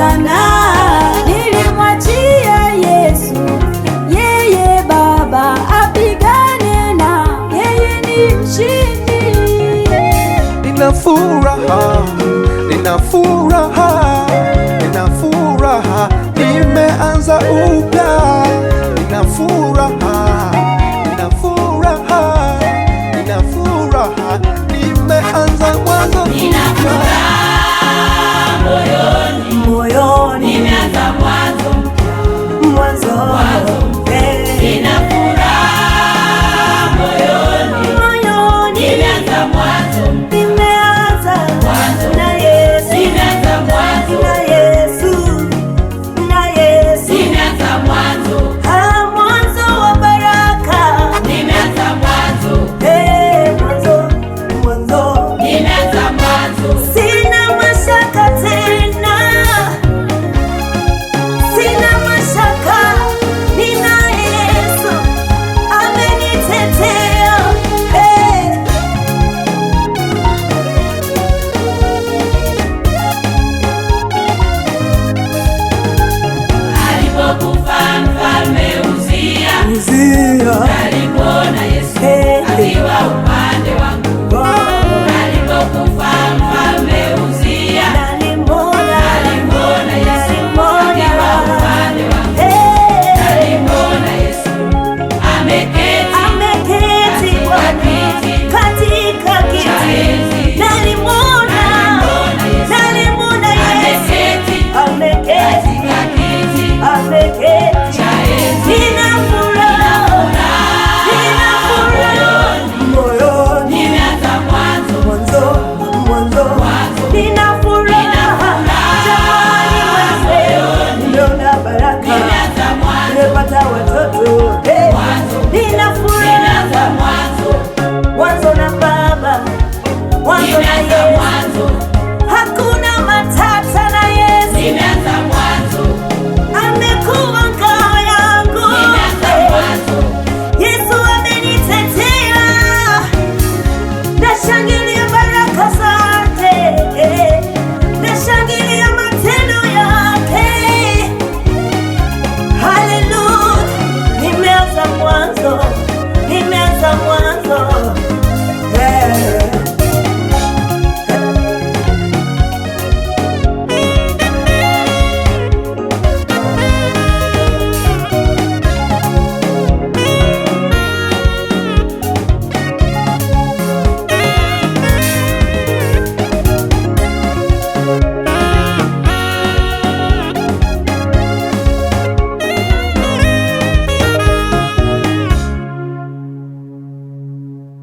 sana, nilimwachia Yesu, yeye Baba apigane na yeye, ni mshindi. Nina furaha, nina furaha, nina furaha, nimeanza upya, nina furaha, nina furaha, nina furaha